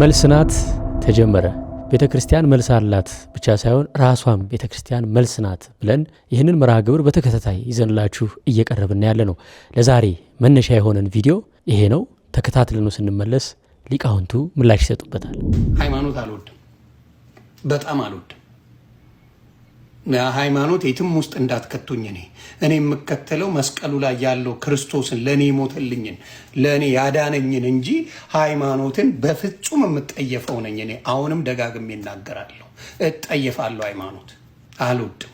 መልስ ናት ተጀመረ። ቤተ ክርስቲያን መልስ አላት ብቻ ሳይሆን ራሷም ቤተ ክርስቲያን መልስ ናት ብለን ይህንን መርሃ ግብር በተከታታይ ይዘንላችሁ እየቀረብን ያለ ነው። ለዛሬ መነሻ የሆነን ቪዲዮ ይሄ ነው። ተከታትለን ስንመለስ ሊቃውንቱ ምላሽ ይሰጡበታል። ሃይማኖት አልወድም፣ በጣም አልወድም ሃይማኖት የትም ውስጥ እንዳትከቱኝ። እኔ እኔ የምከተለው መስቀሉ ላይ ያለው ክርስቶስን ለእኔ ሞተልኝን ለእኔ ያዳነኝን እንጂ ሃይማኖትን በፍጹም የምጠየፈው ነኝ። እኔ አሁንም ደጋግሜ እናገራለሁ፣ እጠየፋለሁ። ሃይማኖት አልወድም።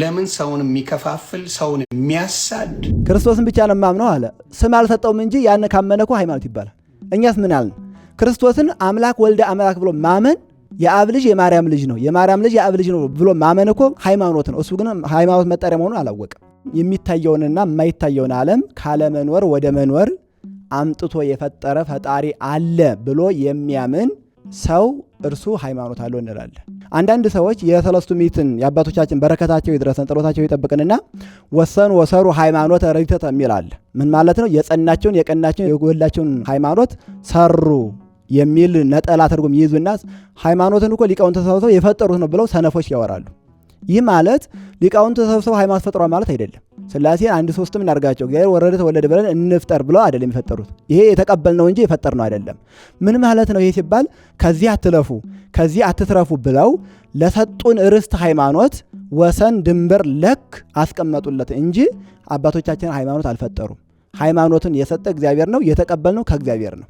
ለምን ሰውን የሚከፋፍል ሰውን የሚያሳድ ክርስቶስን ብቻ ነው የማምነው አለ። ስም አልሰጠውም እንጂ ያን ካመነኩ ሃይማኖት ይባላል። እኛስ ምን አልን? ክርስቶስን አምላክ ወልደ አምላክ ብሎ ማመን የአብ ልጅ የማርያም ልጅ ነው፣ የማርያም ልጅ የአብ ልጅ ነው ብሎ ማመን እኮ ሃይማኖት ነው። እሱ ግን ሃይማኖት መጠሪያ መሆኑን አላወቅም። የሚታየውንና የማይታየውን ዓለም ካለመኖር ወደ መኖር አምጥቶ የፈጠረ ፈጣሪ አለ ብሎ የሚያምን ሰው እርሱ ሃይማኖት አለው እንላለን። አንዳንድ ሰዎች የሰለስቱ ምዕትን የአባቶቻችን በረከታቸው ይድረሰን ጥሎታቸው ይጠብቅንና ወሰኑ ወሰሩ ሃይማኖት ረድተተ የሚል አለ። ምን ማለት ነው? የጸናቸውን የቀናቸውን የጎላቸውን ሃይማኖት ሰሩ የሚል ነጠላ ትርጉም ይይዙና ሃይማኖትን እኮ ሊቃውንት ተሰብስበው የፈጠሩት ነው ብለው ሰነፎች ያወራሉ። ይህ ማለት ሊቃውንት ተሰብስበው ሃይማኖት ፈጥሯል ማለት አይደለም። ስላሴን አንድ ሶስትም እናርጋቸው እግዚአብሔር ወረደ ተወለደ ብለን እንፍጠር ብለው አይደለም የፈጠሩት። ይሄ የተቀበልነው እንጂ የፈጠርነው አይደለም። ምን ማለት ነው ይሄ ሲባል ከዚህ አትለፉ፣ ከዚህ አትትረፉ ብለው ለሰጡን ርስት ሃይማኖት ወሰን ድንበር ለክ አስቀመጡለት እንጂ አባቶቻችን ሃይማኖት አልፈጠሩም። ሃይማኖትን የሰጠ እግዚአብሔር ነው። የተቀበልነው ከእግዚአብሔር ነው።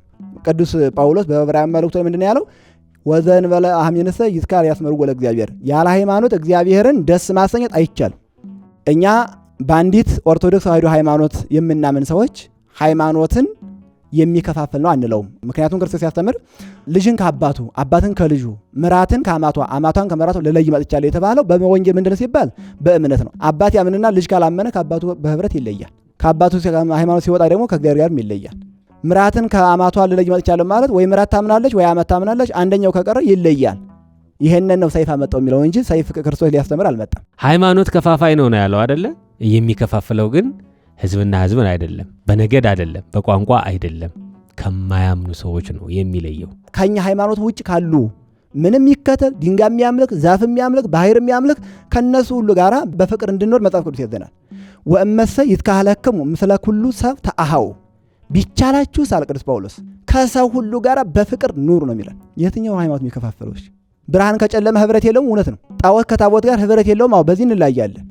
ቅዱስ ጳውሎስ በዕብራውያን መልእክቱ ምንድን ያለው ወዘን ወዘእንበለ አሕሚንሰ ይዝካር ያስመርዎ ለእግዚአብሔር፣ ያለ ሃይማኖት እግዚአብሔርን ደስ ማሰኘት አይቻልም። እኛ በአንዲት ኦርቶዶክስ ተዋሕዶ ሃይማኖት የምናምን ሰዎች ሃይማኖትን የሚከፋፍል ነው አንለውም። ምክንያቱም ክርስቶስ ሲያስተምር ልጅን ከአባቱ አባትን ከልጁ ምራትን ከአማቷ አማቷን ከምራቷ ልለይ መጥቻለሁ የተባለው በወንጌል ምንድን ሲባል በእምነት ነው። አባት ያምንና ልጅ ካላመነ ከአባቱ በህብረት ይለያል። ከአባቱ ሃይማኖት ሲወጣ ደግሞ ከእግዚአብሔር ጋርም ይለያል። ምራትን ከአማቷ ልለይ መጥቻለሁ ማለት ወይ ምራት ታምናለች ወይ አማት ታምናለች፣ አንደኛው ከቀረ ይለያል። ይሄንን ነው ሰይፍ አመጣው የሚለው እንጂ ሰይፍ ክርስቶስ ሊያስተምር አልመጣም። ሃይማኖት ከፋፋይ ነው ነው ያለው አይደለ? የሚከፋፍለው ግን ህዝብና ህዝብን አይደለም፣ በነገድ አይደለም፣ በቋንቋ አይደለም፣ ከማያምኑ ሰዎች ነው የሚለየው። ከኛ ሃይማኖት ውጭ ካሉ ምንም ይከተል ድንጋይ የሚያምልክ ዛፍ የሚያምልክ ባህር የሚያምልክ ከነሱ ሁሉ ጋራ በፍቅር እንድንኖር መጽሐፍ ቅዱስ ይዘናል። ወእመሰ ይትካህለክሙ ምስለ ኩሉ ሰብ ተአሃው ቢቻላችሁ ሳል ቅዱስ ጳውሎስ ከሰው ሁሉ ጋር በፍቅር ኑሩ ነው የሚለን። የትኛው ሃይማኖት የሚከፋፈለች? ብርሃን ከጨለመ ህብረት የለውም። እውነት ነው። ጣዖት ከታቦት ጋር ህብረት የለውም። አዎ በዚህ እንለያለን።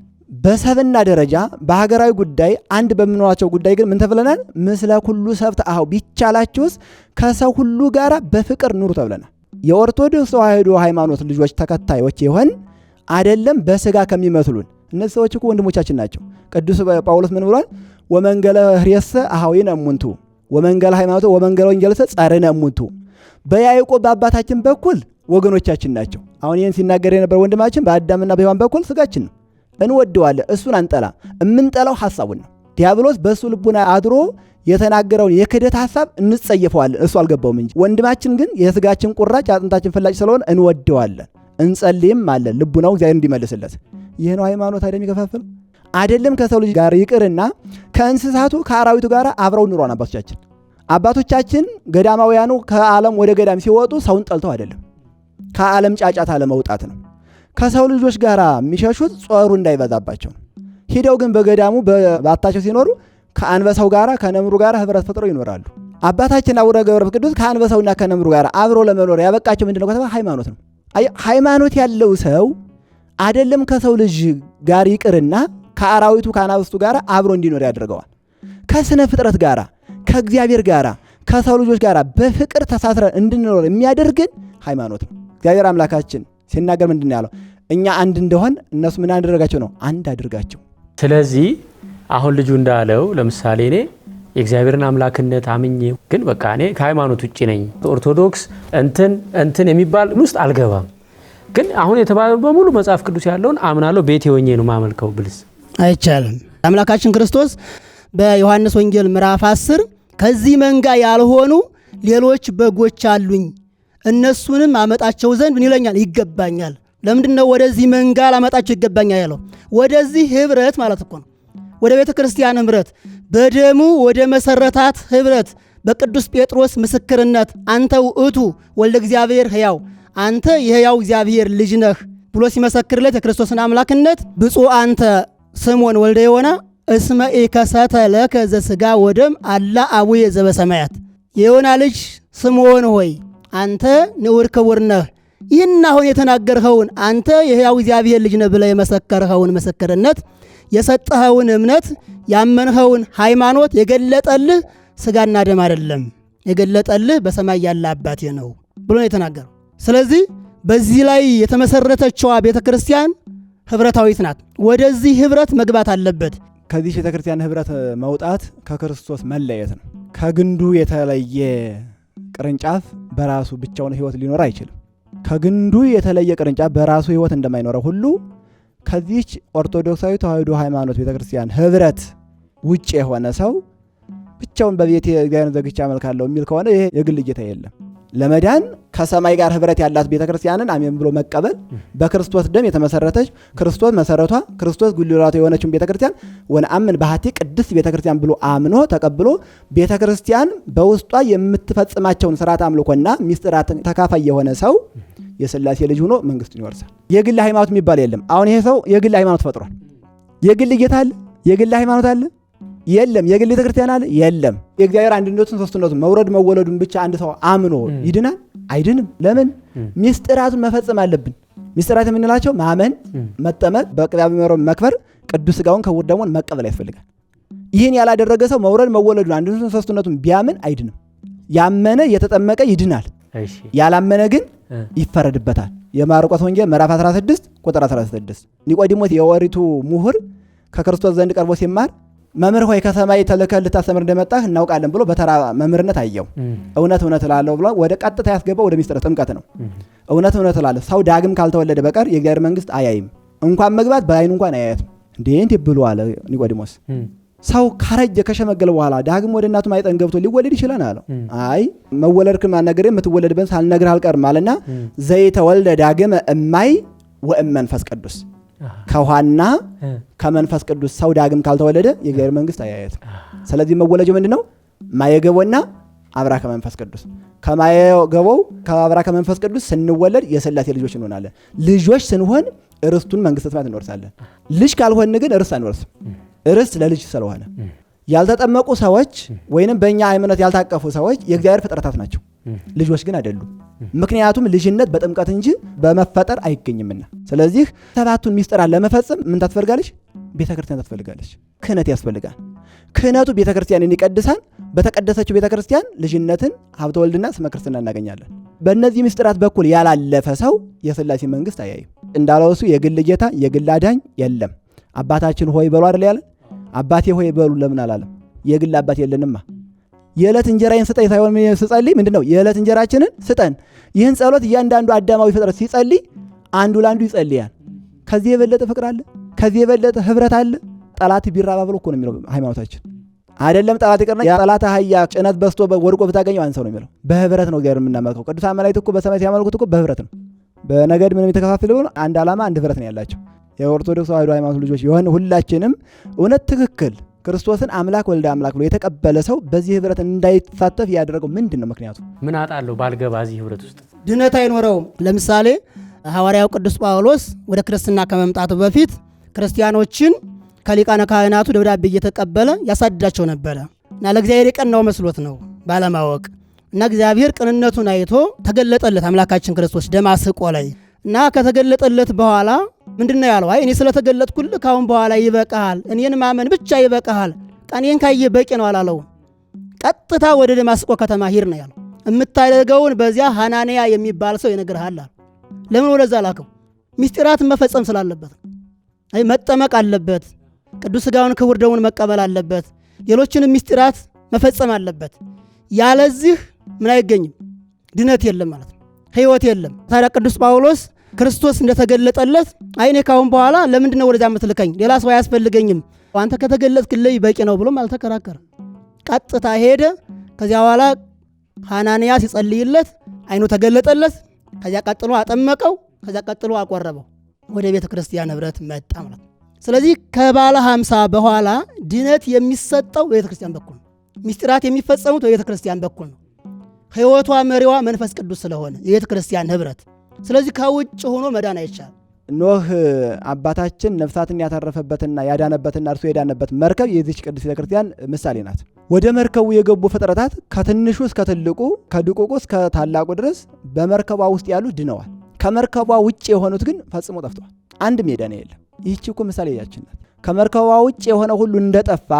በሰብና ደረጃ በሀገራዊ ጉዳይ አንድ በምንሆናቸው ጉዳይ ግን ምን ተብለናል? ምስለ ሁሉ ሰብት አሁ ቢቻላችሁስ ከሰው ሁሉ ጋር በፍቅር ኑሩ ተብለናል። የኦርቶዶክስ ተዋህዶ ሃይማኖት ልጆች ተከታዮች የሆን አይደለም በስጋ ከሚመስሉን እነዚህ ሰዎች እኮ ወንድሞቻችን ናቸው። ቅዱስ ጳውሎስ ምን ብሏል? ወመንገለ ህሬሰ አሃዊነ እሙንቱ ወመንገለ ሃይማኖተ ወመንገለ ወንጌልሰ ጸርነ እሙንቱ። በያዕቆብ በአባታችን በኩል ወገኖቻችን ናቸው። አሁን ይህን ሲናገር የነበረ ወንድማችን በአዳምና በሔዋን በኩል ስጋችን ነው። እንወደዋለን፣ እሱን አንጠላ። የምንጠላው ሐሳቡን ነው። ዲያብሎስ በእሱ ልቡና አድሮ የተናገረውን የክደት ሐሳብ እንጸየፈዋለን። እሱ አልገባውም እንጂ ወንድማችን ግን የስጋችን ቁራጭ አጥንታችን ፈላጭ ስለሆነ እንወደዋለን፣ እንጸልይም አለን ልቡናው እግዚአብሔር እንዲመልስለት ይህ ነው ሃይማኖት አይደለም የሚከፋፍል አይደለም ከሰው ልጅ ጋር ይቅርና ከእንስሳቱ ከአራዊቱ ጋር አብረው ኑሯን አባቶቻችን አባቶቻችን ገዳማውያኑ ከዓለም ወደ ገዳም ሲወጡ ሰውን ጠልተው አይደለም ከዓለም ጫጫታ ለመውጣት ነው። ከሰው ልጆች ጋር የሚሸሹት ጾሩ እንዳይበዛባቸው ነው። ሂደው ግን በገዳሙ በባታቸው ሲኖሩ ከአንበሳው ጋር ከነምሩ ጋር ህብረት ፈጥረው ይኖራሉ። አባታችን አቡነ ገብረ ቅዱስ ከአንበሳውና ከነምሩ ጋር አብሮ ለመኖር ያበቃቸው ምንድነው ከተባ ሃይማኖት ነው። ሃይማኖት ያለው ሰው አደለም ከሰው ልጅ ጋር ይቅርና ከአራዊቱ ከአናብስቱ ጋር አብሮ እንዲኖር ያደርገዋል። ከስነ ፍጥረት ጋር ከእግዚአብሔር ጋር ከሰው ልጆች ጋር በፍቅር ተሳስረን እንድንኖር የሚያደርግን ሃይማኖት ነው። እግዚአብሔር አምላካችን ሲናገር ምንድን ያለው? እኛ አንድ እንደሆን እነሱ ምን አደረጋቸው ነው? አንድ አድርጋቸው። ስለዚህ አሁን ልጁ እንዳለው ለምሳሌ እኔ የእግዚአብሔርን አምላክነት አምኜ ግን በቃ እኔ ከሃይማኖት ውጭ ነኝ ኦርቶዶክስ እንትን እንትን የሚባል ውስጥ አልገባም ግን አሁን የተባለው በሙሉ መጽሐፍ ቅዱስ ያለውን አምናለሁ። ቤቴ ሆኜ ነው ማመልከው ብልስ አይቻልም። አምላካችን ክርስቶስ በዮሐንስ ወንጌል ምዕራፍ 10 ከዚህ መንጋ ያልሆኑ ሌሎች በጎች አሉኝ እነሱንም አመጣቸው ዘንድ ምን ይለኛል? ይገባኛል። ለምንድን ነው ወደዚህ መንጋ ላመጣቸው ይገባኛል ያለው? ወደዚህ ህብረት ማለት እኮ ነው። ወደ ቤተ ክርስቲያን ህብረት፣ በደሙ ወደ መሰረታት ህብረት፣ በቅዱስ ጴጥሮስ ምስክርነት አንተ ውእቱ ወልደ እግዚአብሔር ሕያው አንተ የሕያው እግዚአብሔር ልጅ ነህ ብሎ ሲመሰክርለት የክርስቶስን አምላክነት ብፁዕ አንተ ስምዖን ወልደ ዮና እስመ ኢከሰተ ለከ ዘሥጋ ወደም አላ አቡየ ዘበሰማያት የዮና ልጅ ስምዖን ሆይ አንተ ንዑድ ክቡር ነህ ይህን አሁን የተናገርኸውን አንተ የሕያው እግዚአብሔር ልጅ ነህ ብለህ የመሰከርኸውን ምስክርነት የሰጠኸውን እምነት ያመንኸውን ሃይማኖት የገለጠልህ ሥጋና ደም አይደለም፣ የገለጠልህ በሰማይ ያለ አባቴ ነው ብሎ ነው የተናገረው። ስለዚህ በዚህ ላይ የተመሰረተችዋ ቤተ ክርስቲያን ህብረታዊት ናት። ወደዚህ ህብረት መግባት አለበት። ከዚህ ቤተ ክርስቲያን ህብረት መውጣት ከክርስቶስ መለየት ነው። ከግንዱ የተለየ ቅርንጫፍ በራሱ ብቻውን ህይወት ሊኖር አይችልም። ከግንዱ የተለየ ቅርንጫፍ በራሱ ህይወት እንደማይኖረው ሁሉ ከዚች ኦርቶዶክሳዊ ተዋህዶ ሃይማኖት ቤተ ክርስቲያን ህብረት ውጭ የሆነ ሰው ብቻውን በቤት እግዚአብሔርን ዘግቻ መልካለው የሚል ከሆነ ይሄ የግል እይታ የለም ለመዳን ከሰማይ ጋር ህብረት ያላት ቤተክርስቲያንን አሜን ብሎ መቀበል በክርስቶስ ደም የተመሰረተች ክርስቶስ መሰረቷ ክርስቶስ ጉልላቷ የሆነችውን ቤተክርስቲያን ክርስቲያን ወነአምን ባህቲ ቅድስት ቤተክርስቲያን ብሎ አምኖ ተቀብሎ ቤተክርስቲያን በውስጧ የምትፈጽማቸውን ስርዓት አምልኮና ሚስጥራትን ተካፋይ የሆነ ሰው የስላሴ ልጅ ሆኖ መንግስቱን ይወርሳል። የግል ሃይማኖት የሚባል የለም። አሁን ይሄ ሰው የግል ሃይማኖት ፈጥሯል። የግል ጌታ አለ? የግል ሃይማኖት አለ? የለም። የግል ቤተክርስቲያን አለ? የለም። የእግዚአብሔር አንድነቱን ሶስትነቱን መውረድ መወለዱን ብቻ አንድ ሰው አምኖ ይድናል። አይድንም። ለምን ሚስጥራቱን መፈጸም አለብን። ሚስጥራት የምንላቸው ማመን፣ መጠመቅ፣ በቅዳ መሮም መክበር፣ ቅዱስ ስጋውን ክቡር ደሙን መቀበል ያስፈልጋል። ይህን ያላደረገ ሰው መውረድ መወለዱን አንድነቱን ሶስትነቱን ቢያምን አይድንም። ያመነ የተጠመቀ ይድናል፣ ያላመነ ግን ይፈረድበታል። የማርቆስ ወንጌል ምዕራፍ 16 ቁጥር 16። ኒቆዲሞስ የወሪቱ ምሁር ከክርስቶስ ዘንድ ቀርቦ ሲማር መምህር ሆይ ከሰማይ ተልከህ ልታስተምር እንደመጣህ እናውቃለን ብሎ በተራ መምህርነት አየው። እውነት እውነት እላለሁ ብሎ ወደ ቀጥታ ያስገባው ወደ ሚስጥረ ጥምቀት ነው። እውነት እውነት እላለሁ ሰው ዳግም ካልተወለደ በቀር የእግዚአብሔር መንግስት አያይም፣ እንኳን መግባት በአይኑ እንኳን አያያትም። እንዴ እንዲህ ብሎ አለ ኒቆዲሞስ። ሰው ካረጀ ከሸመገለ በኋላ ዳግም ወደ እናቱ ማይጠን ገብቶ ሊወለድ ይችላል አለው። አይ መወለድክን አልነግርህም የምትወለድበት ሳልነግርህ አልቀርም አለና ዘይተወልደ ዳግም እማይ ወእም መንፈስ ቅዱስ ከውሃና ከመንፈስ ቅዱስ ሰው ዳግም ካልተወለደ የእግዚአብሔር መንግስት አያየትም። ስለዚህ መወለጀው ምንድን ነው? ማየገቦና አብራ ከመንፈስ ቅዱስ ከማየገቦው ከአብራ ከመንፈስ ቅዱስ ስንወለድ የስላሴ ልጆች እንሆናለን። ልጆች ስንሆን ርስቱን መንግስተ ሰማያት እንወርሳለን። ልጅ ካልሆን ግን ርስት አንወርስም። ርስት ለልጅ ስለሆነ ያልተጠመቁ ሰዎች ወይንም በእኛ እምነት ያልታቀፉ ሰዎች የእግዚአብሔር ፍጥረታት ናቸው። ልጆች ግን አይደሉም። ምክንያቱም ልጅነት በጥምቀት እንጂ በመፈጠር አይገኝምና። ስለዚህ ሰባቱን ሚስጥራት ለመፈጸም ምን ታስፈልጋለች? ቤተ ክርስቲያን ታስፈልጋለች። ክህነት ያስፈልጋል። ክህነቱ ቤተ ክርስቲያንን ይቀድሳል። በተቀደሰችው ቤተ ክርስቲያን ልጅነትን፣ ሀብተ ወልድና ስመ ክርስትና እናገኛለን። በእነዚህ ምስጢራት በኩል ያላለፈ ሰው የስላሴ መንግስት አያይም። እንዳለው እሱ የግል ጌታ የግል አዳኝ የለም። አባታችን ሆይ በሉ አደለ ያለ አባቴ ሆይ በሉ ለምን አላለም? የግል አባት የለንማ። የዕለት እንጀራዬን ስጠኝ ሳይሆን ስጸልይ ምንድን ነው የዕለት እንጀራችንን ስጠን። ይህን ጸሎት እያንዳንዱ አዳማዊ ፍጥረት ሲጸልይ አንዱ ለአንዱ ይጸልያል። ከዚህ የበለጠ ፍቅር አለ? ከዚህ የበለጠ ህብረት አለ? ጠላት ቢራባ ብሎ እኮ ነው የሚለው ሃይማኖታችን። አይደለም ጠላት ይቅርና የጠላት አህያ ጭነት በስቶ ወድቆ ብታገኘው አንሰው ነው የሚለው። በህብረት ነው እግዚአብሔር የምናመልከው። ቅዱሳን መላእክት እኮ በሰማይ ሲያመልኩት እኮ በህብረት ነው። በነገድ ምንም የተከፋፍል ቢሆን አንድ ዓላማ፣ አንድ ህብረት ነው ያላቸው። የኦርቶዶክስ ተዋሕዶ ሃይማኖት ልጆች የሆነ ሁላችንም እውነት ትክክል ክርስቶስን አምላክ ወልደ አምላክ ብሎ የተቀበለ ሰው በዚህ ህብረት እንዳይሳተፍ ያደረገው ምንድን ነው ምክንያቱ? ምን አጣለሁ ባልገባ እዚህ ህብረት ውስጥ ድነት አይኖረውም። ለምሳሌ ሐዋርያው ቅዱስ ጳውሎስ ወደ ክርስትና ከመምጣቱ በፊት ክርስቲያኖችን ከሊቃነ ካህናቱ ደብዳቤ እየተቀበለ ያሳድዳቸው ነበረ እና ለእግዚአብሔር የቀናው መስሎት ነው ባለማወቅ እና እግዚአብሔር ቅንነቱን አይቶ ተገለጠለት አምላካችን ክርስቶስ ደማስቆ ላይ እና ከተገለጠለት በኋላ ምንድን ነው ያለው? አይ እኔ ስለተገለጥኩልህ ካሁን በኋላ ይበቃሃል፣ እኔን ማመን ብቻ ይበቃሃል፣ ቀኔን ካየህ በቂ ነው አላለው። ቀጥታ ወደ ደማስቆ ከተማ ሂድ ነው ያለው። የምታደርገውን በዚያ ሐናንያ የሚባል ሰው ይነግርሃል። ለምን ወደዛ ላከው? ሚስጢራትን መፈጸም ስላለበት፣ አይ መጠመቅ አለበት፣ ቅዱስ ሥጋውን ክቡር ደሙን መቀበል አለበት፣ ሌሎችንም ሚስጢራት መፈጸም አለበት። ያለዚህ ምን አይገኝም፣ ድነት የለም ማለት ነው፣ ህይወት የለም። ታዲያ ቅዱስ ጳውሎስ ክርስቶስ እንደተገለጠለት አይኔ ካሁን በኋላ ለምንድን ነው ወደዚያ የምትልከኝ? ሌላ ሰው አያስፈልገኝም፣ አንተ ከተገለጥክልኝ በቂ ነው ብሎም አልተከራከረም። ቀጥታ ሄደ። ከዚያ በኋላ ሐናንያ ሲጸልይለት አይኑ ተገለጠለት። ከዚያ ቀጥሎ አጠመቀው። ከዚያ ቀጥሎ አቆረበው። ወደ ቤተ ክርስቲያን ኅብረት መጣ ማለት ነው። ስለዚህ ከባለ ሀምሳ በኋላ ድነት የሚሰጠው በቤተ ክርስቲያን በኩል ነው። ሚስጢራት የሚፈጸሙት በቤተ ክርስቲያን በኩል ነው። ሕይወቷ መሪዋ መንፈስ ቅዱስ ስለሆነ የቤተ ክርስቲያን ኅብረት ስለዚህ ከውጭ ሆኖ መዳን አይቻል። ኖህ አባታችን ነፍሳትን ያተረፈበትና ያዳነበትና እርሱ የዳነበት መርከብ የዚች ቅዱስ ቤተክርስቲያን ምሳሌ ናት። ወደ መርከቡ የገቡ ፍጥረታት ከትንሹ እስከ ትልቁ፣ ከድቁቁ እስከ ታላቁ ድረስ በመርከቧ ውስጥ ያሉ ድነዋል። ከመርከቧ ውጭ የሆኑት ግን ፈጽሞ ጠፍተዋል። አንድ ሜዳ ነው የለም። ይህች እኮ ምሳሌ ያችን ናት። ከመርከቧ ውጭ የሆነ ሁሉ እንደጠፋ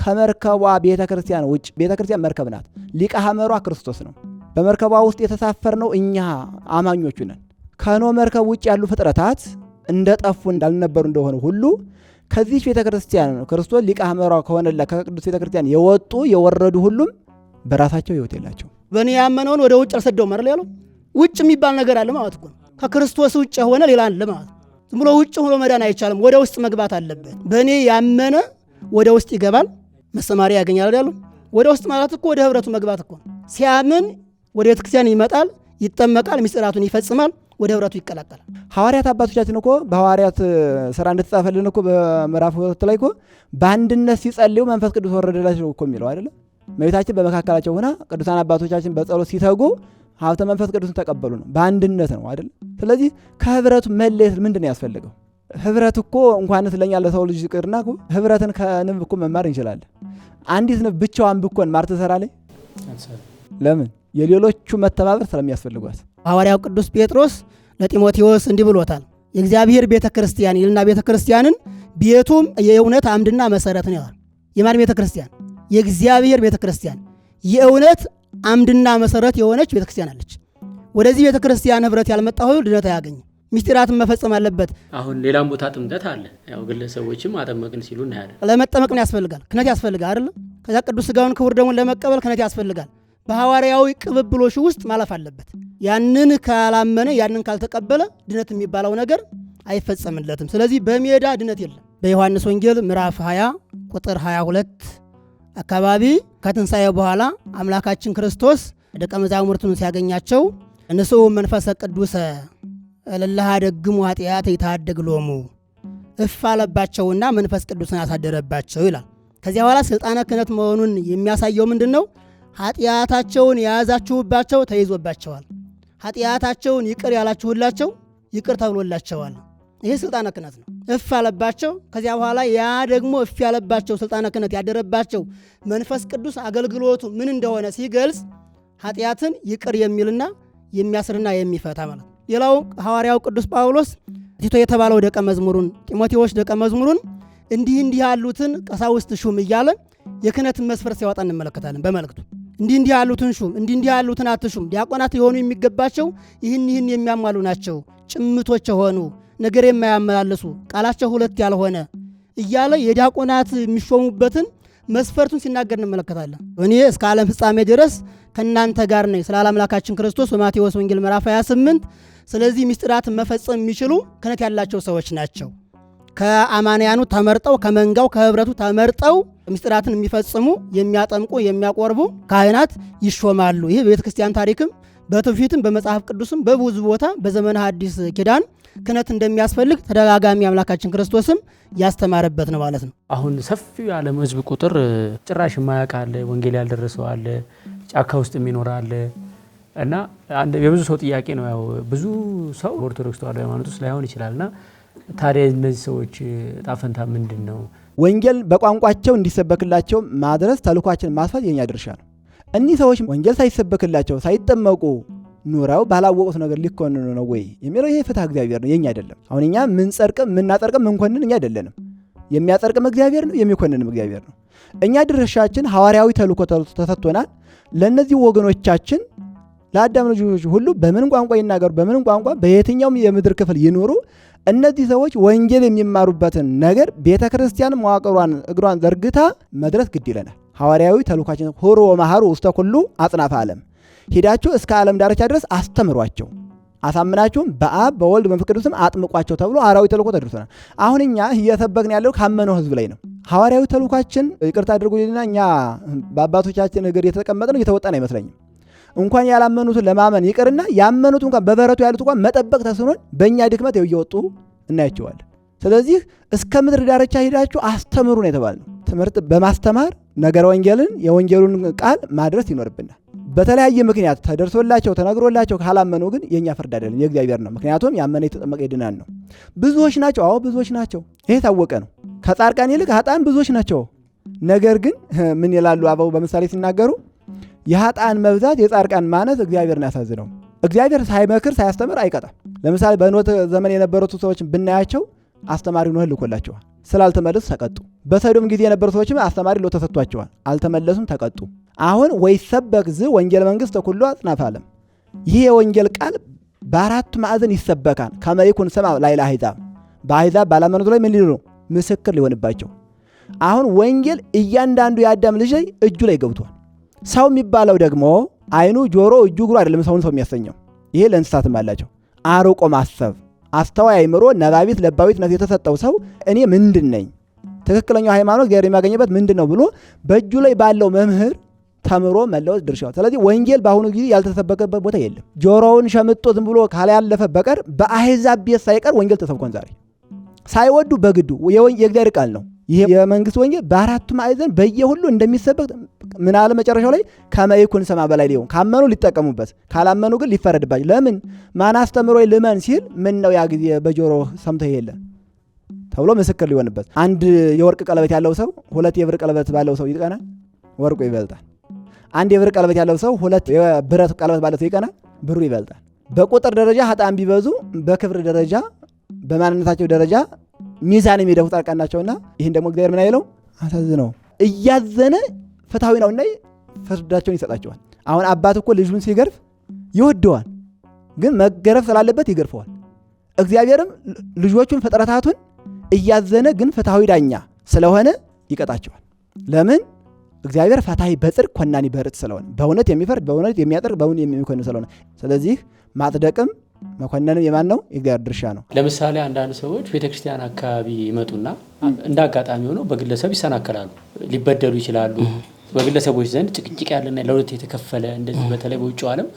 ከመርከቧ ቤተክርስቲያን ውጭ ቤተክርስቲያን መርከብ ናት። ሊቀ ሐመሯ ክርስቶስ ነው። በመርከቧ ውስጥ የተሳፈርነው እኛ አማኞቹ ነን። ከኖ መርከብ ውጭ ያሉ ፍጥረታት እንደጠፉ እንዳልነበሩ እንደሆነ ሁሉ ከዚች ቤተ ክርስቲያን ነው ክርስቶስ ሊቀ ሐመሯ ከሆነላ ከቅዱስ ቤተ ክርስቲያን የወጡ የወረዱ ሁሉም በራሳቸው ህይወት የላቸው። በእኔ ያመነውን ወደ ውጭ አልሰደውም አይደል ያለው። ውጭ የሚባል ነገር አለ ማለት እኮ ከክርስቶስ ውጭ የሆነ ሌላ አለ ማለት። ዝም ብሎ ውጭ ሆኖ መዳን አይቻልም። ወደ ውስጥ መግባት አለበት። በእኔ ያመነ ወደ ውስጥ ይገባል፣ መሰማሪያ ያገኛል ያለው። ወደ ውስጥ ማለት እኮ ወደ ህብረቱ መግባት እኮ ሲያምን ወደ ቤተ ክርስቲያን ይመጣል፣ ይጠመቃል፣ ምስጢራቱን ይፈጽማል፣ ወደ ህብረቱ ይቀላቀላል። ሐዋርያት አባቶቻችን እኮ በሐዋርያት ስራ እንደተጻፈልን እኮ በምዕራፍ ሁለት ላይ እኮ በአንድነት ሲጸልዩ መንፈስ ቅዱስ ወረደላቸው እኮ የሚለው አይደለም። መቤታችን በመካከላቸው ሆና ቅዱሳን አባቶቻችን በጸሎት ሲተጉ ሀብተ መንፈስ ቅዱስን ተቀበሉ ነው። በአንድነት ነው አይደል? ስለዚህ ከህብረቱ መለየት ምንድን ነው ያስፈልገው? ህብረት እኮ እንኳንስ ለኛ ለሰው ልጅ ቅርና ህብረትን ከንብ እኮ መማር እንችላለን። አንዲት ንብ ብቻዋን ብኮን ማር ትሰራለች? ለምን የሌሎቹ መተባበር ስለሚያስፈልጓት ሐዋርያው ቅዱስ ጴጥሮስ ለጢሞቴዎስ እንዲህ ብሎታል። የእግዚአብሔር ቤተ ክርስቲያን ይልና ቤተ ክርስቲያንን ቤቱም የእውነት አምድና መሰረት ነው ይላል። የማን ቤተ ክርስቲያን? የእግዚአብሔር ቤተ ክርስቲያን የእውነት አምድና መሰረት የሆነች ቤተ ክርስቲያን አለች። ወደዚህ ቤተ ክርስቲያን ኅብረት ያልመጣ ሁሉ ድነት አያገኝ። ሚስጢራትን መፈጸም አለበት። አሁን ሌላም ቦታ ጥምቀት አለ። ያው ግለሰቦችም አጠመቅን ሲሉ እናያለን። ለመጠመቅ ያስፈልጋል፣ ክነት ያስፈልጋል አይደለም። ከዛ ቅዱስ ሥጋውን ክቡር ደሙን ለመቀበል ክነት ያስፈልጋል። በሐዋርያዊ ቅብብሎሽ ውስጥ ማለፍ አለበት። ያንን ካላመነ ያንን ካልተቀበለ ድነት የሚባለው ነገር አይፈጸምለትም። ስለዚህ በሜዳ ድነት የለም። በዮሐንስ ወንጌል ምዕራፍ 20 ቁጥር 22 አካባቢ ከትንሣኤ በኋላ አምላካችን ክርስቶስ ደቀ መዛሙርቱን ሲያገኛቸው እንስኡ መንፈሰ ቅዱሰ እልልሃ ደግሙ ኃጢአት ይታደግ ሎሙ እፍ አለባቸውና መንፈስ ቅዱስን አሳደረባቸው ይላል። ከዚያ በኋላ ሥልጣነ ክህነት መሆኑን የሚያሳየው ምንድን ነው? ኃጢአታቸውን የያዛችሁባቸው ተይዞባቸዋል፣ ኃጢአታቸውን ይቅር ያላችሁላቸው ይቅር ተብሎላቸዋል። ይሄ ስልጣነ ክህነት ነው። እፍ አለባቸው። ከዚያ በኋላ ያ ደግሞ እፍ ያለባቸው ስልጣነ ክህነት ያደረባቸው መንፈስ ቅዱስ አገልግሎቱ ምን እንደሆነ ሲገልጽ ኃጢአትን ይቅር የሚልና የሚያስርና የሚፈታ ማለት ነው። ሌላው ሐዋርያው ቅዱስ ጳውሎስ ቲቶ የተባለው ደቀ መዝሙሩን ጢሞቴዎስ ደቀ መዝሙሩን እንዲህ እንዲህ ያሉትን ቀሳውስት ሹም እያለ የክህነትን መስፈርት ሲያወጣ እንመለከታለን በመልእክቱ እንዲህ እንዲህ ያሉትን ሹም፣ እንዲህ እንዲህ ያሉትን አትሹም። ዲያቆናት የሆኑ የሚገባቸው ይህን ይህን የሚያሟሉ ናቸው። ጭምቶች የሆኑ ነገር የማያመላልሱ ቃላቸው ሁለት ያልሆነ እያለ የዲያቆናት የሚሾሙበትን መስፈርቱን ሲናገር እንመለከታለን። እኔ እስከ ዓለም ፍጻሜ ድረስ ከእናንተ ጋር ነኝ ስለ አምላካችን ክርስቶስ በማቴዎስ ወንጌል ምዕራፍ 28። ስለዚህ ምስጢራትን መፈጸም የሚችሉ ክህነት ያላቸው ሰዎች ናቸው። ከአማንያኑ ተመርጠው ከመንጋው ከህብረቱ ተመርጠው ምስጢራትን የሚፈጽሙ የሚያጠምቁ የሚያቆርቡ ካህናት ይሾማሉ። ይህ በቤተ ክርስቲያን ታሪክም በትውፊትም በመጽሐፍ ቅዱስም በብዙ ቦታ በዘመነ ሐዲስ ኪዳን ክህነት እንደሚያስፈልግ ተደጋጋሚ አምላካችን ክርስቶስም ያስተማረበት ነው ማለት ነው። አሁን ሰፊው የዓለም ህዝብ ቁጥር ጭራሽ የማያውቅ አለ፣ ወንጌል ያልደረሰው አለ፣ ጫካ ውስጥ የሚኖር አለ እና የብዙ ሰው ጥያቄ ነው። ያው ብዙ ሰው ኦርቶዶክስ ተዋዶ ሃይማኖት ውስጥ ላይሆን ይችላልና ታዲያ እነዚህ ሰዎች ጣፈንታ ምንድን ነው? ወንጌል በቋንቋቸው እንዲሰበክላቸው ማድረስ ተልኳችን ማስፋት የኛ ድርሻ ነው። እኒህ ሰዎች ወንጌል ሳይሰበክላቸው ሳይጠመቁ ኑረው ባላወቁት ነገር ሊኮንኑ ነው ወይ የሚለው ይሄ ፍትሐ እግዚአብሔር ነው፣ የኛ አይደለም። አሁን እኛ ምንጸርቅም ምናጸድቅም ምንኮንን እኛ አይደለንም። የሚያጸድቅም እግዚአብሔር ነው፣ የሚኮንንም እግዚአብሔር ነው። እኛ ድርሻችን ሐዋርያዊ ተልኮ ተሰጥቶናል። ለእነዚህ ወገኖቻችን ለአዳም ልጆች ሁሉ በምን ቋንቋ ይናገሩ፣ በምን ቋንቋ በየትኛውም የምድር ክፍል ይኖሩ፣ እነዚህ ሰዎች ወንጌል የሚማሩበትን ነገር ቤተ ክርስቲያን መዋቅሯን እግሯን ዘርግታ መድረስ ግድ ይለናል። ሐዋርያዊ ተልኳችን ሆሮ መሐሩ ውስተ ሁሉ አጽናፈ ዓለም ሂዳችሁ እስከ ዓለም ዳርቻ ድረስ አስተምሯቸው አሳምናችሁም በአብ በወልድ በመንፈስ ቅዱስም አጥምቋቸው ተብሎ ሐዋርያዊ ተልኮ ተደርሶናል። አሁን እኛ እየሰበክን ያለው ካመነው ህዝብ ላይ ነው። ሐዋርያዊ ተልኳችን ይቅርታ አድርጉና እኛ በአባቶቻችን እግር ነው እየተወጣን አይመስለኝም። እንኳን ያላመኑትን ለማመን ይቅርና ያመኑት እንኳን በበረቱ ያሉት እንኳን መጠበቅ ተስኖን በእኛ ድክመት ይኸው እየወጡ እናያቸዋለን። ስለዚህ እስከ ምድር ዳርቻ ሄዳችሁ አስተምሩ ነው የተባልነው። ትምህርት በማስተማር ነገር ወንጌልን የወንጌሉን ቃል ማድረስ ይኖርብናል። በተለያየ ምክንያት ተደርሶላቸው ተነግሮላቸው ካላመኑ ግን የእኛ ፍርድ አይደለም፣ የእግዚአብሔር ነው። ምክንያቱም ያመነ የተጠመቀ ይድናል ነው። ብዙዎች ናቸው። አዎ ብዙዎች ናቸው። ይሄ ታወቀ ነው። ከጻድቃን ይልቅ ኃጥአን ብዙዎች ናቸው። ነገር ግን ምን ይላሉ አበው በምሳሌ ሲናገሩ የሀጣን መብዛት የጻድቃን ማነስ እግዚአብሔርን ያሳዝነው። እግዚአብሔር ሳይመክር ሳያስተምር አይቀጣም። ለምሳሌ በኖት ዘመን የነበሩት ሰዎች ብናያቸው አስተማሪ ኖህ ልኮላቸዋል፣ ስላልተመለሱ ተቀጡ። በሰዶም ጊዜ የነበሩ ሰዎችም አስተማሪ ሎጥ ተሰጥቷቸዋል፣ አልተመለሱም፣ ተቀጡ። አሁን ወይሰበክ ዝ ወንጌል መንግስት ኩሉ አጽናፈ ዓለም፣ ይህ የወንጌል ቃል በአራቱ ማዕዘን ይሰበካል። ከመይኩን ሰማ ላይ አሕዛብ፣ በአሕዛብ ባላመኑት ላይ ምን ሊሉ ነው? ምስክር ሊሆንባቸው። አሁን ወንጌል እያንዳንዱ የአዳም ልጅ እጁ ላይ ገብቷል። ሰው የሚባለው ደግሞ አይኑ፣ ጆሮ፣ እጁ፣ እግሩ አይደለም ሰውን ሰው የሚያሰኘው። ይሄ ለእንስሳትም አላቸው። አርቆ ማሰብ፣ አስተዋይ አይምሮ፣ ነባቢት ለባዊት ነት የተሰጠው ሰው እኔ ምንድን ነኝ፣ ትክክለኛው ሃይማኖት ገር የሚያገኝበት ምንድን ነው ብሎ በእጁ ላይ ባለው መምህር ተምሮ መለወጥ ድርሻው። ስለዚህ ወንጌል በአሁኑ ጊዜ ያልተሰበከበት ቦታ የለም። ጆሮውን ሸምጦ ዝም ብሎ ካላያለፈ በቀር በአህዛብ ቤት ሳይቀር ወንጌል ተሰብኮን ዛሬ ሳይወዱ በግዱ የእግዚአብሔር ቃል ነው ይሄ የመንግስት ወንጌል በአራቱ ማዕዘን በየሁሉ እንደሚሰበክ ምን አለ መጨረሻው ላይ ከመይኩን ሰማ በላይ ሊሆን ካመኑ ሊጠቀሙበት ካላመኑ ግን ሊፈረድባቸው። ለምን ማን አስተምሮ ልመን ሲል ምን ነው ያ ጊዜ በጆሮ ሰምተ የለ ተብሎ ምስክር ሊሆንበት። አንድ የወርቅ ቀለበት ያለው ሰው ሁለት የብር ቀለበት ባለው ሰው ይቀናል፣ ወርቁ ይበልጣል። አንድ የብር ቀለበት ያለው ሰው ሁለት የብረት ቀለበት ባለው ሰው ይቀናል፣ ብሩ ይበልጣል። በቁጥር ደረጃ ሀጣን ቢበዙ በክብር ደረጃ በማንነታቸው ደረጃ ሚዛን የሚደፉ ጻድቃን ናቸውና ይህን ደግሞ እግዚአብሔር ምን አይለው አሳዝነው እያዘነ ፍትሐዊ እና ፍርዳቸውን ይሰጣቸዋል። አሁን አባት እኮ ልጁን ሲገርፍ ይወደዋል፣ ግን መገረፍ ስላለበት ይገርፈዋል። እግዚአብሔርም ልጆቹን ፍጥረታቱን እያዘነ ግን ፍትሐዊ ዳኛ ስለሆነ ይቀጣቸዋል። ለምን? እግዚአብሔር ፈታሒ በጽድቅ ኮናኒ በርጥ ስለሆነ በእውነት የሚፈርድ በእውነት የሚያጠርቅ በእውነት የሚኮን ስለሆነ፣ ስለዚህ ማጽደቅም መኮንንም የማን ነው? የእግዚአብሔር ድርሻ ነው። ለምሳሌ አንዳንድ ሰዎች ቤተክርስቲያን አካባቢ ይመጡና እንደ አጋጣሚ ሆነው በግለሰብ ይሰናከላሉ፣ ሊበደሉ ይችላሉ። በግለሰቦች ዘንድ ጭቅጭቅ ያለና ለሁለት የተከፈለ እንደዚህ በተለይ በውጭው ዓለም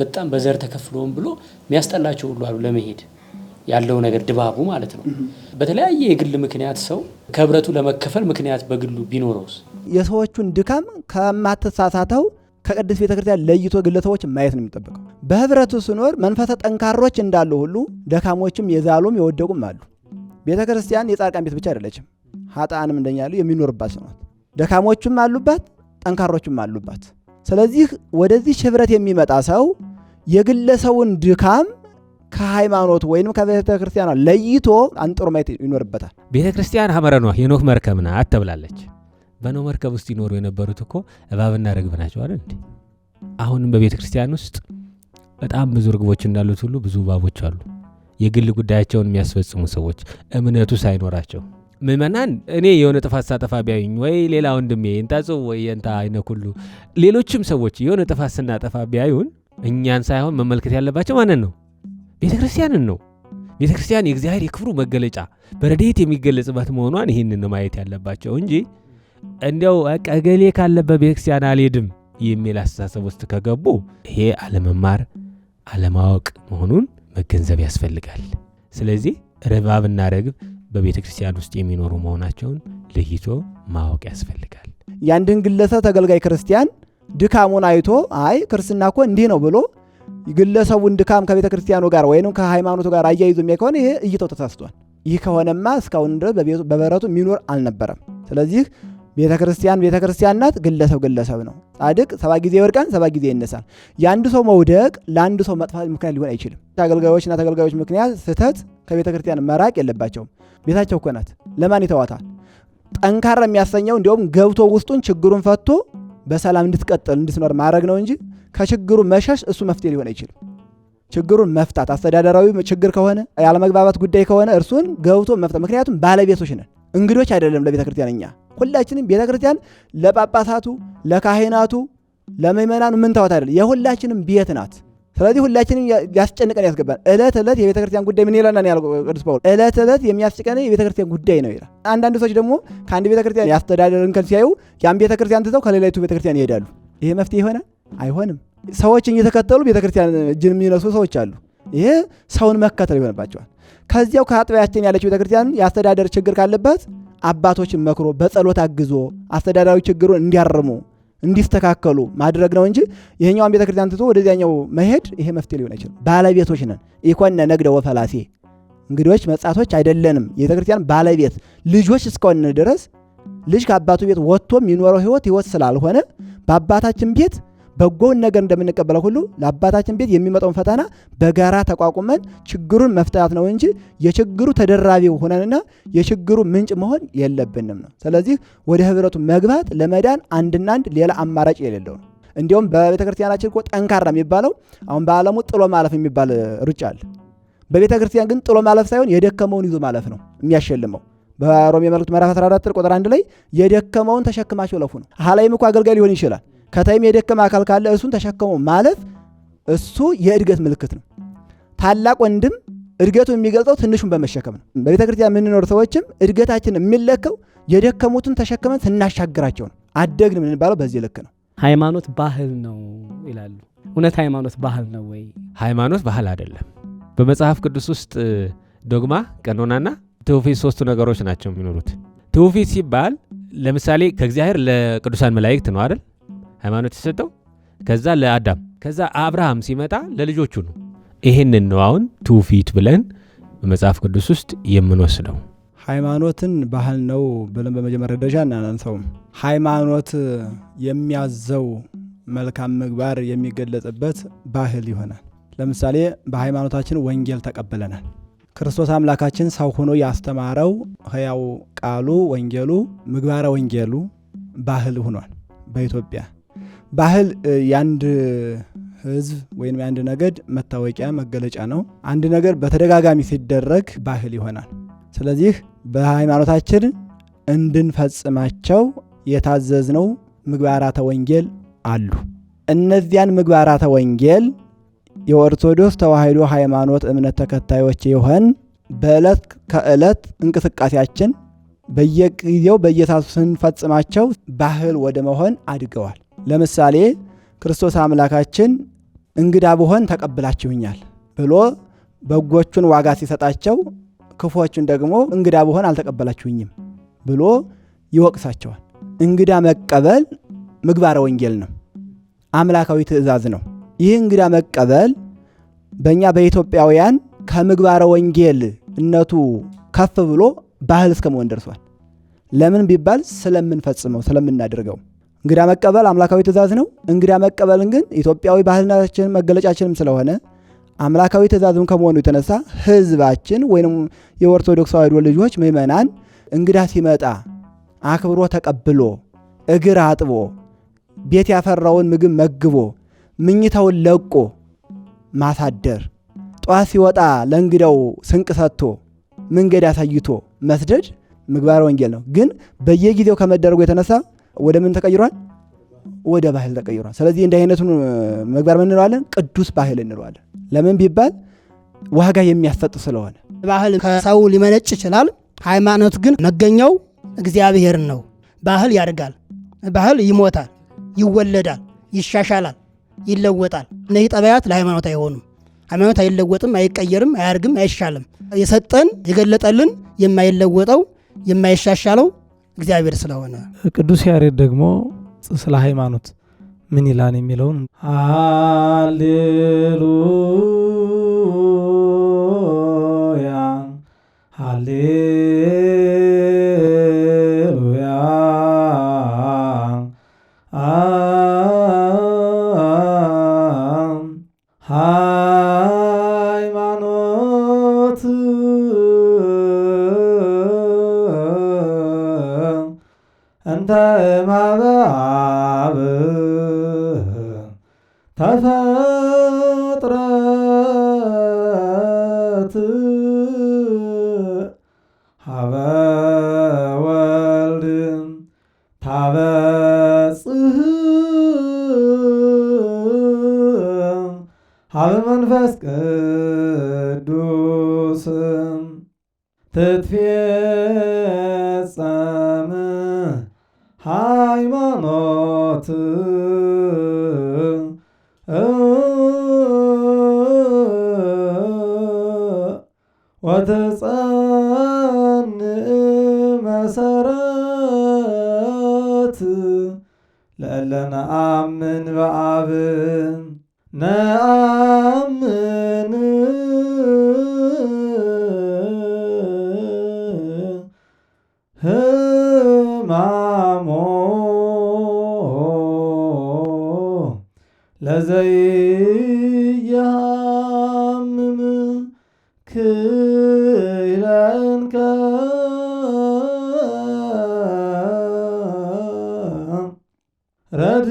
በጣም በዘር ተከፍሎም ብሎ የሚያስጠላቸው ሁሉ አሉ ለመሄድ ያለው ነገር ድባቡ ማለት ነው። በተለያየ የግል ምክንያት ሰው ከህብረቱ ለመከፈል ምክንያት በግሉ ቢኖረውስ የሰዎቹን ድካም ከማተሳሳተው ከቅድስት ቤተክርስቲያን ለይቶ ግለሰቦች ማየት ነው የሚጠበቀው። በህብረቱ ስኖር መንፈሰ ጠንካሮች እንዳሉ ሁሉ ደካሞችም የዛሉም የወደቁም አሉ። ቤተክርስቲያን የጻድቃን ቤት ብቻ አይደለችም። ሀጣንም እንደኛ ያሉ የሚኖርባት ስኗት ደካሞችም አሉባት፣ ጠንካሮችም አሉባት። ስለዚህ ወደዚህ ህብረት የሚመጣ ሰው የግለሰቡን ድካም ከሃይማኖት ወይም ከቤተ ክርስቲያኗ ለይቶ አንጥሮ ማየት ይኖርበታል። ቤተ ክርስቲያን ሐመረ ኖህ የኖህ መርከብ ናት ተብላለች። በኖህ መርከብ ውስጥ ይኖሩ የነበሩት እኮ እባብና ርግብ ናቸው አይደል እንዴ? አሁንም በቤተ ክርስቲያን ውስጥ በጣም ብዙ ርግቦች እንዳሉት ሁሉ ብዙ እባቦች አሉ። የግል ጉዳያቸውን የሚያስፈጽሙ ሰዎች እምነቱ ሳይኖራቸው ምእመናን እኔ የሆነ ጥፋት ሳጠፋ ቢያዩኝ ወይ ሌላ ወንድሜ እንታጽ ወይ የንታ አይነት ሁሉ ሌሎችም ሰዎች የሆነ ጥፋት ስናጠፋ ቢያዩን እኛን ሳይሆን መመልከት ያለባቸው ማንን ነው? ቤተ ክርስቲያንን ነው። ቤተ ክርስቲያን የእግዚአብሔር የክብሩ መገለጫ በረድኤት የሚገለጽበት መሆኗን ይህንን ማየት ያለባቸው እንጂ እንዲያው ቀገሌ ካለበት ቤተ ክርስቲያን አልሄድም የሚል አስተሳሰብ ውስጥ ከገቡ ይሄ አለመማር አለማወቅ መሆኑን መገንዘብ ያስፈልጋል። ስለዚህ ርባብና ርግብ በቤተ ክርስቲያን ውስጥ የሚኖሩ መሆናቸውን ለይቶ ማወቅ ያስፈልጋል። የአንድን ግለሰብ ተገልጋይ ክርስቲያን ድካሙን አይቶ አይ ክርስትና እኮ እንዲህ ነው ብሎ ግለሰቡን ድካም ከቤተ ክርስቲያኑ ጋር ወይም ከሃይማኖቱ ጋር አያይዞ የሚያ ከሆነ ይሄ እይተው ተሳስቷል። ይህ ከሆነማ እስካሁን ድረስ በበረቱ የሚኖር አልነበረም። ስለዚህ ቤተ ክርስቲያን ቤተ ክርስቲያን ናት፣ ግለሰብ ግለሰብ ነው። ጻድቅ ሰባ ጊዜ ይወድቃል፣ ሰባ ጊዜ ይነሳል። የአንድ ሰው መውደቅ ለአንድ ሰው መጥፋት ምክንያት ሊሆን አይችልም። አገልጋዮችና ተገልጋዮች ምክንያት ስህተት ከቤተ ክርስቲያን መራቅ የለባቸውም። ቤታቸው እኮ ናት፣ ለማን ይተዋታል? ጠንካራ የሚያሰኘው እንዲሁም ገብቶ ውስጡን ችግሩን ፈቶ በሰላም እንድትቀጥል እንድትኖር ማድረግ ነው እንጂ ከችግሩ መሸሽ እሱ መፍትሄ ሊሆን አይችልም። ችግሩን መፍታት አስተዳደራዊ ችግር ከሆነ ያለመግባባት ጉዳይ ከሆነ እርሱን ገብቶ መፍታት። ምክንያቱም ባለቤቶች ነን፣ እንግዶች አይደለም ለቤተ ክርስቲያን እኛ ሁላችንም ቤተ ክርስቲያን ለጳጳሳቱ፣ ለካህናቱ፣ ለምእመናኑ ምን ተዋት የሁላችንም ቤት ናት። ስለዚህ ሁላችንም ያስጨንቀን ያስገባል። እለት ዕለት የቤተ ክርስቲያን ጉዳይ ምን ይላል ያለው ቅዱስ ጳውሎስ እለት ዕለት የሚያስጨንቀን የቤተ ክርስቲያን ጉዳይ ነው ይላል። አንዳንድ ሰዎች ደግሞ ከአንድ ቤተ ክርስቲያን ያስተዳደርን ከል ሲያዩ ያን ቤተ ክርስቲያን ትተው ከሌላይቱ ቤተ ክርስቲያን ይሄዳሉ። ይሄ መፍትሄ ይሆናል? አይሆንም። ሰዎችን እየተከተሉ ቤተ ክርስቲያን እጅን የሚነሱ ሰዎች አሉ። ይሄ ሰውን መከተል ይሆንባቸዋል። ከዚያው ከአጥቢያችን ያለች ቤተክርስቲያን የአስተዳደር ችግር ካለባት አባቶችን መክሮ በጸሎት አግዞ አስተዳዳሪ ችግሩን እንዲያርሙ እንዲስተካከሉ ማድረግ ነው እንጂ ይሄኛውን ቤተክርስቲያን ትቶ ወደዚያኛው መሄድ ይሄ መፍትሄ ሊሆን አይችልም። ባለቤቶች ነን። ኢኮነ ነግደ ወፈላሴ እንግዶች መጻቶች አይደለንም። የቤተክርስቲያን ባለቤት ልጆች እስከሆነ ድረስ ልጅ ከአባቱ ቤት ወጥቶ የሚኖረው ህይወት ህይወት ስላልሆነ በአባታችን ቤት በጎውን ነገር እንደምንቀበለው ሁሉ ለአባታችን ቤት የሚመጣውን ፈተና በጋራ ተቋቁመን ችግሩን መፍታት ነው እንጂ የችግሩ ተደራቢው ሆነንና የችግሩ ምንጭ መሆን የለብንም ነው። ስለዚህ ወደ ህብረቱ መግባት ለመዳን አንድና አንድ ሌላ አማራጭ የሌለው ነው። እንዲሁም በቤተ ክርስቲያናችን እኮ ጠንካራ የሚባለው አሁን በዓለሙ ጥሎ ማለፍ የሚባል ሩጫ አለ። በቤተ ክርስቲያን ግን ጥሎ ማለፍ ሳይሆን የደከመውን ይዞ ማለፍ ነው የሚያሸልመው። በሮሜ መልእክት ምዕራፍ 14 ቁጥር 1 ላይ የደከመውን ተሸክማችሁ ለፉ ነው። ሀላይም እኮ አገልጋይ ሊሆን ይችላል ከታይም የደከመ አካል ካለ እሱን ተሸከሙ ማለት እሱ የእድገት ምልክት ነው። ታላቅ ወንድም እድገቱን የሚገልጸው ትንሹን በመሸከም ነው። በቤተ ክርስቲያን የምንኖር ሰዎችም እድገታችን የሚለከው የደከሙትን ተሸክመን ስናሻግራቸው ነው። አደግን የምንባለው በዚህ ልክ ነው። ሃይማኖት ባህል ነው ይላሉ። እውነት ሃይማኖት ባህል ነው ወይ? ሃይማኖት ባህል አይደለም። በመጽሐፍ ቅዱስ ውስጥ ዶግማ፣ ቀኖናና ትውፊት ሶስቱ ነገሮች ናቸው የሚኖሩት። ትውፊት ሲባል ለምሳሌ ከእግዚአብሔር ለቅዱሳን መላእክት ነው አይደል ሃይማኖት የሰጠው ከዛ ለአዳም ከዛ አብርሃም ሲመጣ ለልጆቹ ነው። ይህንን ነው አሁን ትውፊት ብለን በመጽሐፍ ቅዱስ ውስጥ የምንወስደው። ሃይማኖትን ባህል ነው ብለን በመጀመሪያ ደረጃ እናነሳውም። ሃይማኖት የሚያዘው መልካም ምግባር የሚገለጽበት ባህል ይሆናል። ለምሳሌ በሃይማኖታችን ወንጌል ተቀብለናል። ክርስቶስ አምላካችን ሰው ሆኖ ያስተማረው ሕያው ቃሉ ወንጌሉ፣ ምግባረ ወንጌሉ ባህል ሆኗል በኢትዮጵያ ባህል የአንድ ህዝብ ወይም የአንድ ነገድ መታወቂያ መገለጫ ነው። አንድ ነገር በተደጋጋሚ ሲደረግ ባህል ይሆናል። ስለዚህ በሃይማኖታችን እንድንፈጽማቸው የታዘዝነው ምግባራተ ወንጌል አሉ። እነዚያን ምግባራተ ወንጌል የኦርቶዶክስ ተዋሕዶ ሃይማኖት እምነት ተከታዮች የሆን በዕለት ከዕለት እንቅስቃሴያችን በየጊዜው በየሳቱ ስንፈጽማቸው ባህል ወደ መሆን አድገዋል። ለምሳሌ ክርስቶስ አምላካችን እንግዳ ብሆን ተቀብላችሁኛል ብሎ በጎቹን ዋጋ ሲሰጣቸው፣ ክፉዎቹን ደግሞ እንግዳ ብሆን አልተቀበላችሁኝም ብሎ ይወቅሳቸዋል። እንግዳ መቀበል ምግባረ ወንጌል ነው፣ አምላካዊ ትእዛዝ ነው። ይህ እንግዳ መቀበል በእኛ በኢትዮጵያውያን ከምግባረ ወንጌል እነቱ ከፍ ብሎ ባህል እስከ መሆን ደርሷል። ለምን ቢባል ስለምንፈጽመው ስለምናደርገው እንግዳ መቀበል አምላካዊ ትእዛዝ ነው። እንግዳ መቀበልን ግን ኢትዮጵያዊ ባህልናችን መገለጫችንም ስለሆነ አምላካዊ ትእዛዝም ከመሆኑ የተነሳ ህዝባችን ወይም የኦርቶዶክስ ተዋሕዶ ልጆች ምእመናን እንግዳ ሲመጣ አክብሮ ተቀብሎ እግር አጥቦ ቤት ያፈራውን ምግብ መግቦ ምኝታውን ለቆ ማሳደር፣ ጠዋት ሲወጣ ለእንግዳው ስንቅ ሰጥቶ መንገድ አሳይቶ መስደድ ምግባረ ወንጌል ነው። ግን በየጊዜው ከመደረጉ የተነሳ ወደ ምን ተቀይሯል? ወደ ባህል ተቀይሯል። ስለዚህ እንዲህ አይነቱን ምግባር ምን እንለዋለን? ቅዱስ ባህል እንለዋለን። ለምን ቢባል ዋጋ የሚያሰጥ ስለሆነ። ባህል ከሰው ሊመነጭ ይችላል። ሃይማኖት ግን መገኛው እግዚአብሔር ነው። ባህል ያድጋል፣ ባህል ይሞታል፣ ይወለዳል፣ ይሻሻላል፣ ይለወጣል። እነዚህ ጠባያት ለሃይማኖት አይሆኑም። ሃይማኖት አይለወጥም፣ አይቀየርም፣ አያርግም፣ አይሻልም። የሰጠን የገለጠልን የማይለወጠው የማይሻሻለው እግዚአብሔር ስለሆነ። ቅዱስ ያሬድ ደግሞ ስለ ሃይማኖት ምን ይላል የሚለውን ሃሌሉ ማበአብ ተፈጥረት ሀበ ወልድ ታበጽህ ሀበ መንፈስ ቅዱስ ትትፌጸም haymanatın وتسأل مسرات لألا نعمن بعبن نعم ዘይያምም ክለንከ ረድ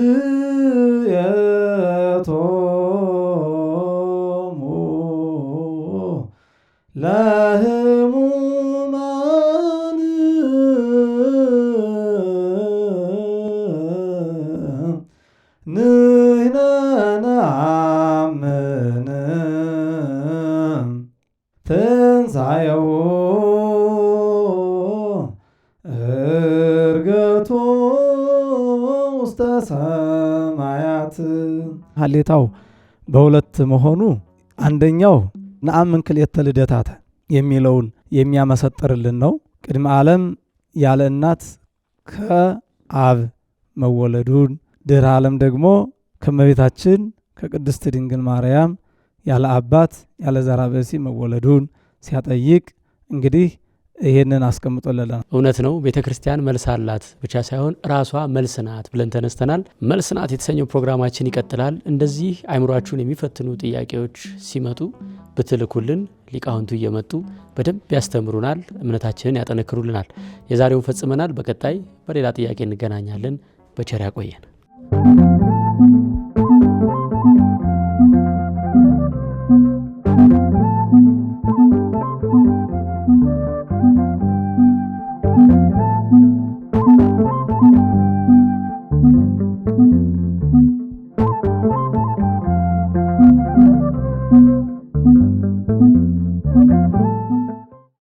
ቅሌታው በሁለት መሆኑ አንደኛው ነአምን ክልኤተ ልደታተ የሚለውን የሚያመሰጥርልን ነው። ቅድመ ዓለም ያለ እናት ከአብ መወለዱን፣ ድር ዓለም ደግሞ ከመቤታችን ከቅድስት ድንግል ማርያም ያለ አባት ያለ ዘራ ብእሲ መወለዱን ሲያጠይቅ እንግዲህ ይሄንን አስቀምጦለላ እውነት ነው። ቤተ ክርስቲያን መልስ አላት ብቻ ሳይሆን ራሷ መልስ ናት ብለን ተነስተናል። መልስ ናት የተሰኘው ፕሮግራማችን ይቀጥላል። እንደዚህ አይምሯችሁን የሚፈትኑ ጥያቄዎች ሲመጡ ብትልኩልን ሊቃውንቱ እየመጡ በደንብ ያስተምሩናል፣ እምነታችንን ያጠነክሩልናል። የዛሬውን ፈጽመናል። በቀጣይ በሌላ ጥያቄ እንገናኛለን። በቸር ያቆየን።